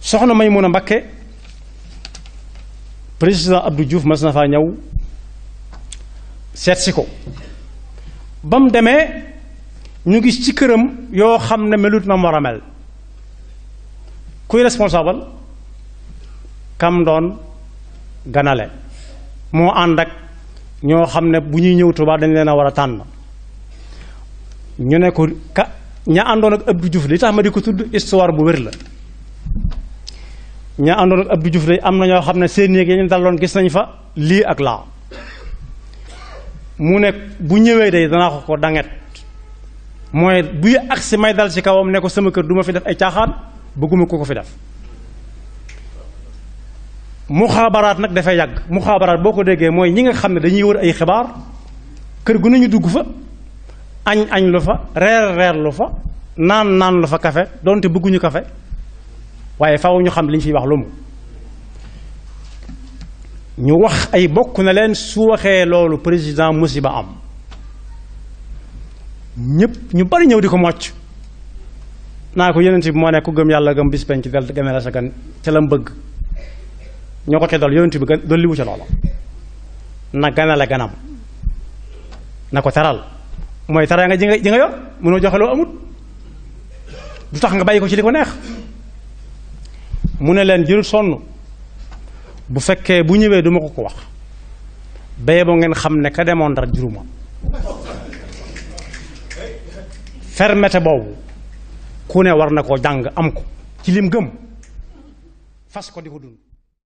soxna Maymuna Mbakke président Abdou Diouf mas na faa ñëw seet si ko ba mu demee ñu gis ci këram yoo xam ne melut na mu kuy responsable kam doon ganale moo ànd ak ñoo xam ne bu ñuy ñëw Tuubaa dañ leen a war a tànn ñu ne ko ka ña àndoon ak Abdou Diouf li tax ma di ko tudd histoire bu wér la ña àndoon ak Abdou Diouf day am na ñoo xam ne seen néeg yañu daloon gis nañ fa lii ak laa mu ne bu ñëwee day danaa ko ko danget mooy buy agsi may dal ci kawam ne ko sama kër du ma fi def ay caaxaan bëgguma ko ko fi def mu xaabaraat nag dafay yàgg muxaabaraat boo ko déggee mooy ñi nga xam ne dañuy wër ay xibaar kër gu nañu dugg fa añ añ lu fa reer reer fa naan naan fa kafe donte bëgguñu kafe waaye faw ñu xam li ñu fiy wax lu mu ñu wax ay bokk na leen su waxee loolu président musiba am ñëpp ñu bari ñëw di ko mocc naa ko yonent bi moo nekk ku gëm yàlla gëm bis ci del gane la sa gan ca la bëgg ñoo ko ca dool yonent bi gan dolli wu ca loola na ganale ganam na ko taral mooy tara nga ji nga ji nga yor mënoo joxe loo amut du tax nga bàyyi ko ci li ko neex mu ne leen jërul sonn bu fekkee bu ñëwee duma ko ko wax bay boo ngeen xam ne ka demoon Ndar juruma fermeté boobu ku ne war na koo jàng am ko ci lim gëm fas ko di ko dund